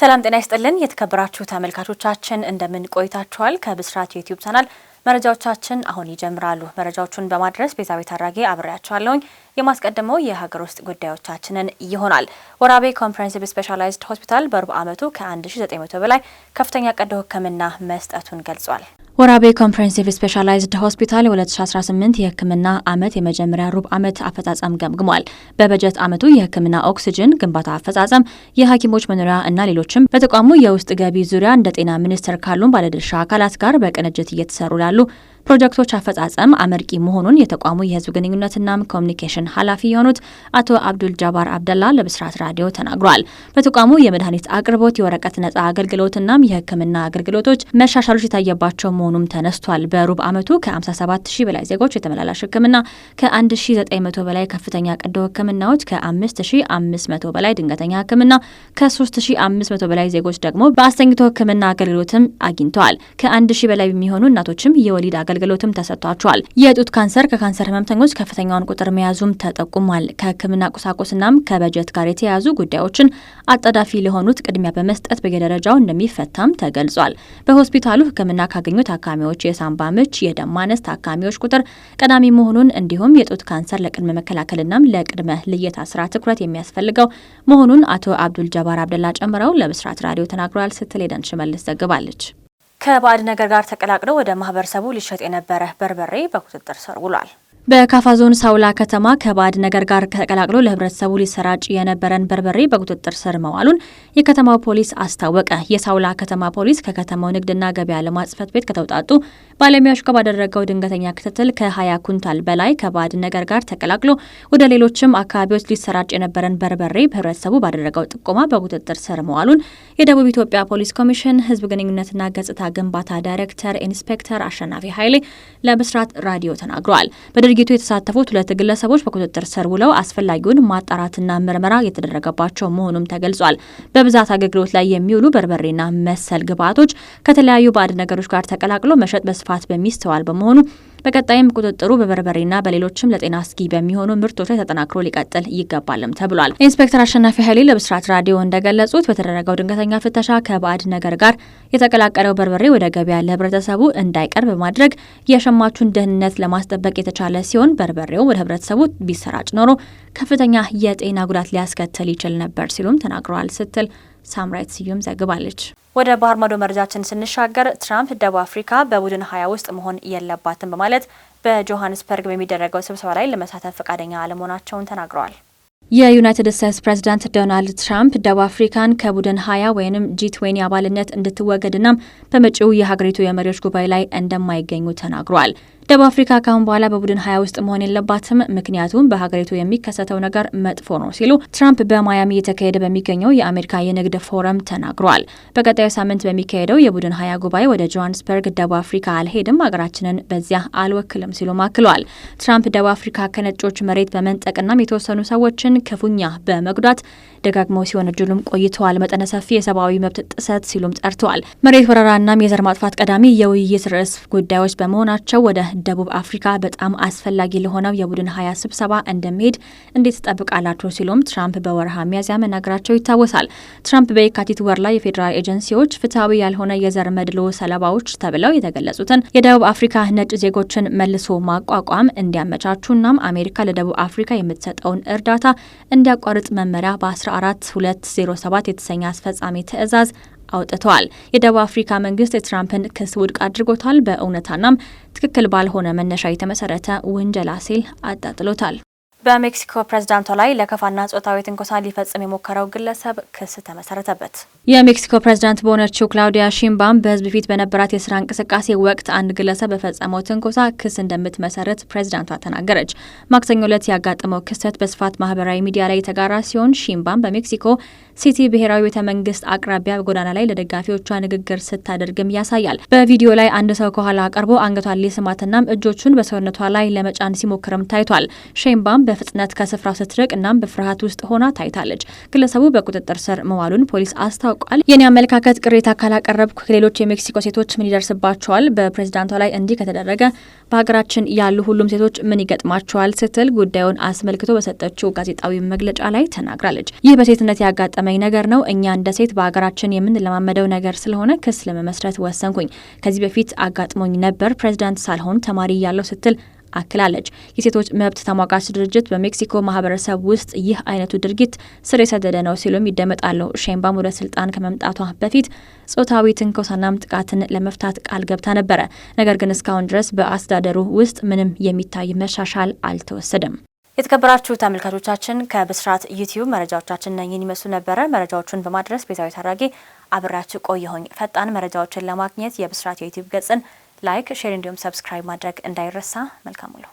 ሰላም ጤና ይስጥልን። የተከበራችሁ ተመልካቾቻችን እንደምን ቆይታችኋል? ከብስራት ዩቲዩብ ቻናል መረጃዎቻችን አሁን ይጀምራሉ። መረጃዎቹን በማድረስ ቤዛቤት አድራጌ አብሬያቸዋለሁኝ። የማስቀድመው የሀገር ውስጥ ጉዳዮቻችንን ይሆናል። ወራቤ ኮምፕሬሄንሲቭ ስፔሻላይዝድ ሆስፒታል በሩብ ዓመቱ ከ1900 በላይ ከፍተኛ ቀዶ ሕክምና መስጠቱን ገልጿል። ወራቤ ኮምፕሬሄንሲቭ ስፔሻላይዝድ ሆስፒታል የ2018 የህክምና ዓመት የመጀመሪያ ሩብ ዓመት አፈጻጸም ገምግሟል። በበጀት ዓመቱ የህክምና ኦክስጅን ግንባታ አፈጻጸም፣ የሐኪሞች መኖሪያ እና ሌሎችም በተቋሙ የውስጥ ገቢ ዙሪያ እንደ ጤና ሚኒስቴር ካሉን ባለድርሻ አካላት ጋር በቅንጅት እየተሰሩ ላሉ ፕሮጀክቶች አፈጻጸም አመርቂ መሆኑን የተቋሙ የህዝብ ግንኙነትና ኮሚኒኬሽን ኃላፊ የሆኑት አቶ አብዱል ጃባር አብደላ ለብስራት ራዲዮ ተናግረዋል። በተቋሙ የመድኃኒት አቅርቦት፣ የወረቀት ነጻ አገልግሎትናም የህክምና አገልግሎቶች መሻሻሎች የታየባቸው መሆኑም ተነስቷል። በሩብ ዓመቱ ከ57 ሺህ በላይ ዜጎች የተመላላሽ ሕክምና፣ ከ1900 በላይ ከፍተኛ ቀዶ ሕክምናዎች፣ ከ5500 በላይ ድንገተኛ ሕክምና፣ ከ3500 በላይ ዜጎች ደግሞ በአስተኝቶ ሕክምና አገልግሎትም አግኝተዋል። ከ1 ሺህ በላይ የሚሆኑ እናቶችም የወሊድ አገልግሎትም ተሰጥቷቸዋል። የጡት ካንሰር ከካንሰር ህመምተኞች ከፍተኛውን ቁጥር መያዙም ተጠቁሟል። ከሕክምና ቁሳቁስናም ከበጀት ጋር የተያያዙ ጉዳዮችን አጣዳፊ ለሆኑት ቅድሚያ በመስጠት በየደረጃው እንደሚፈታም ተገልጿል። በሆስፒታሉ ሕክምና ካገኙት ታካሚዎች የሳምባ ምች፣ የደም ማነስ ታካሚዎች ቁጥር ቀዳሚ መሆኑን እንዲሁም የጡት ካንሰር ለቅድመ መከላከልናም ለቅድመ ልየታ ስራ ትኩረት የሚያስፈልገው መሆኑን አቶ አብዱል ጀባር አብደላ ጨምረው ለብስራት ራዲዮ ተናግረዋል ስትል ኤደን ሽመልስ ዘግባለች። ከባዕድ ነገር ጋር ተቀላቅሎ ወደ ማህበረሰቡ ሊሸጥ የነበረ በርበሬ በቁጥጥር ስር ውሏል። በካፋ ዞን ሳውላ ከተማ ከባዕድ ነገር ጋር ተቀላቅሎ ለህብረተሰቡ ሊሰራጭ የነበረን በርበሬ በቁጥጥር ስር መዋሉን የከተማው ፖሊስ አስታወቀ። የሳውላ ከተማ ፖሊስ ከከተማው ንግድና ገበያ ልማት ጽሕፈት ቤት ከተውጣጡ ባለሙያዎች ጋር ባደረገው ድንገተኛ ክትትል ከ20 ኩንታል በላይ ከባዕድ ነገር ጋር ተቀላቅሎ ወደ ሌሎችም አካባቢዎች ሊሰራጭ የነበረን በርበሬ ህብረተሰቡ ባደረገው ጥቆማ በቁጥጥር ስር መዋሉን የደቡብ ኢትዮጵያ ፖሊስ ኮሚሽን ህዝብ ግንኙነትና ገጽታ ግንባታ ዳይሬክተር ኢንስፔክተር አሸናፊ ኃይሌ ለብስራት ራዲዮ ተናግረዋል። በድርጊቱ የተሳተፉት ሁለት ግለሰቦች በቁጥጥር ስር ውለው አስፈላጊውን ማጣራትና ምርመራ የተደረገባቸው መሆኑም ተገልጿል። በብዛት አገልግሎት ላይ የሚውሉ በርበሬና መሰል ግብዓቶች ከተለያዩ ባዕድ ነገሮች ጋር ተቀላቅሎ መሸጥ በስፋት በሚስተዋል በመሆኑ በቀጣይም ቁጥጥሩ በበርበሬና በሌሎችም ለጤና አስጊ በሚሆኑ ምርቶች ላይ ተጠናክሮ ሊቀጥል ይገባልም ተብሏል። ኢንስፔክተር አሸናፊ ኃይሌ ለብስራት ራዲዮ እንደገለጹት በተደረገው ድንገተኛ ፍተሻ ከባዕድ ነገር ጋር የተቀላቀለው በርበሬ ወደ ገበያ ለህብረተሰቡ እንዳይቀርብ በማድረግ የሸማቹን ደህንነት ለማስጠበቅ የተቻለ ሲሆን በርበሬው ወደ ህብረተሰቡ ቢሰራጭ ኖሮ ከፍተኛ የጤና ጉዳት ሊያስከትል ይችል ነበር ሲሉም ተናግረዋል ስትል ሳምራይት ስዩም ዘግባለች። ወደ ባህር ማዶ መረጃችን ስንሻገር ትራምፕ ደቡብ አፍሪካ በቡድን ሀያ ውስጥ መሆን የለባትም በማለት በጆሀንስበርግ በሚደረገው ስብሰባ ላይ ለመሳተፍ ፈቃደኛ አለመሆናቸውን ተናግረዋል። የዩናይትድ ስቴትስ ፕሬዝዳንት ዶናልድ ትራምፕ ደቡብ አፍሪካን ከቡድን ሀያ ወይም ጂ አባልነት አባልነት እንድትወገድናም በመጪው የሀገሪቱ የመሪዎች ጉባኤ ላይ እንደማይገኙ ተናግሯል። ደቡብ አፍሪካ ካሁን በኋላ በቡድን ሀያ ውስጥ መሆን የለባትም ምክንያቱም በሀገሪቱ የሚከሰተው ነገር መጥፎ ነው ሲሉ ትራምፕ በማያሚ እየተካሄደ በሚገኘው የአሜሪካ የንግድ ፎረም ተናግረዋል። በቀጣዩ ሳምንት በሚካሄደው የቡድን ሀያ ጉባኤ ወደ ጆሃንስበርግ ደቡብ አፍሪካ አልሄድም፣ ሀገራችንን በዚያ አልወክልም ሲሉ አክለዋል። ትራምፕ ደቡብ አፍሪካ ከነጮች መሬት በመንጠቅና የተወሰኑ ሰዎችን ክፉኛ በመጉዳት ደጋግመው ሲወነጅሉም ቆይተዋል። መጠነ ሰፊ የሰብአዊ መብት ጥሰት ሲሉም ጠርተዋል። መሬት ወረራና የዘር ማጥፋት ቀዳሚ የውይይት ርዕስ ጉዳዮች በመሆናቸው ወደ ደቡብ አፍሪካ በጣም አስፈላጊ ለሆነው የቡድን ሀያ ስብሰባ እንደሚሄድ እንዴት ትጠብቃላችሁ? ሲሉም ትራምፕ በወርሃ ሚያዝያ መናገራቸው ይታወሳል። ትራምፕ በየካቲት ወር ላይ የፌዴራል ኤጀንሲዎች ፍትሐዊ ያልሆነ የዘር መድሎ ሰለባዎች ተብለው የተገለጹትን የደቡብ አፍሪካ ነጭ ዜጎችን መልሶ ማቋቋም እንዲያመቻቹ እናም አሜሪካ ለደቡብ አፍሪካ የምትሰጠውን እርዳታ እንዲያቋርጥ መመሪያ በ14207 የተሰኘ አስፈጻሚ ትዕዛዝ አውጥተዋል። የደቡብ አፍሪካ መንግስት የትራምፕን ክስ ውድቅ አድርጎታል። በእውነታናም ትክክል ባልሆነ መነሻ የተመሰረተ ውንጀላ ሲል አጣጥሎታል። በሜክሲኮ ፕሬዝዳንቷ ላይ ለከፋና ጾታዊ ትንኮሳ ሊፈጽም የሞከረው ግለሰብ ክስ ተመሰረተበት። የሜክሲኮ ፕሬዝዳንት በሆነችው ክላውዲያ ሺምባም በህዝብ ፊት በነበራት የስራ እንቅስቃሴ ወቅት አንድ ግለሰብ በፈጸመው ትንኮሳ ክስ እንደምትመሰረት ፕሬዝዳንቷ ተናገረች። ማክሰኞ ዕለት ያጋጠመው ክስተት በስፋት ማህበራዊ ሚዲያ ላይ የተጋራ ሲሆን ሺምባም በሜክሲኮ ሲቲ ብሔራዊ ቤተ መንግስት አቅራቢያ ጎዳና ላይ ለደጋፊዎቿ ንግግር ስታደርግም ያሳያል። በቪዲዮ ላይ አንድ ሰው ከኋላ ቀርቦ አንገቷን ሊስማትናም እጆቹን በሰውነቷ ላይ ለመጫን ሲሞክርም ታይቷል። ሼምባም በፍጥነት ከስፍራው ስትርቅ እናም በፍርሃት ውስጥ ሆና ታይታለች። ግለሰቡ በቁጥጥር ስር መዋሉን ፖሊስ አስታውቋል። የኔ አመለካከት ቅሬታ ካላቀረብኩ ከሌሎች የሜክሲኮ ሴቶች ምን ይደርስባቸዋል? በፕሬዚዳንቷ ላይ እንዲህ ከተደረገ በሀገራችን ያሉ ሁሉም ሴቶች ምን ይገጥማቸዋል? ስትል ጉዳዩን አስመልክቶ በሰጠችው ጋዜጣዊ መግለጫ ላይ ተናግራለች። ይህ በሴትነት ያጋጠመኝ ነገር ነው። እኛ እንደ ሴት በሀገራችን የምንለማመደው ነገር ስለሆነ ክስ ለመመስረት ወሰንኩኝ። ከዚህ በፊት አጋጥሞኝ ነበር። ፕሬዚዳንት ሳልሆን ተማሪ ያለው ስትል አክላለች። የሴቶች መብት ተሟጋች ድርጅት በሜክሲኮ ማህበረሰብ ውስጥ ይህ አይነቱ ድርጊት ስር የሰደደ ነው ሲሉም ይደመጣሉ። ሼንባም ወደ ስልጣን ከመምጣቷ በፊት ጾታዊ ትንኮሳናም ጥቃትን ለመፍታት ቃል ገብታ ነበረ። ነገር ግን እስካሁን ድረስ በአስተዳደሩ ውስጥ ምንም የሚታይ መሻሻል አልተወሰደም። የተከበራችሁ ተመልካቾቻችን ከብስራት ዩቲዩብ መረጃዎቻችን ነኝን ይመስሉ ነበረ። መረጃዎቹን በማድረስ ቤዛዊ ታራጌ አብራችሁ ቆየሁኝ። ፈጣን መረጃዎችን ለማግኘት የብስራት የዩቲዩብ ገጽን ላይክ፣ ሼር እንዲሁም ሰብስክራይብ ማድረግ እንዳይረሳ። መልካም ውሎ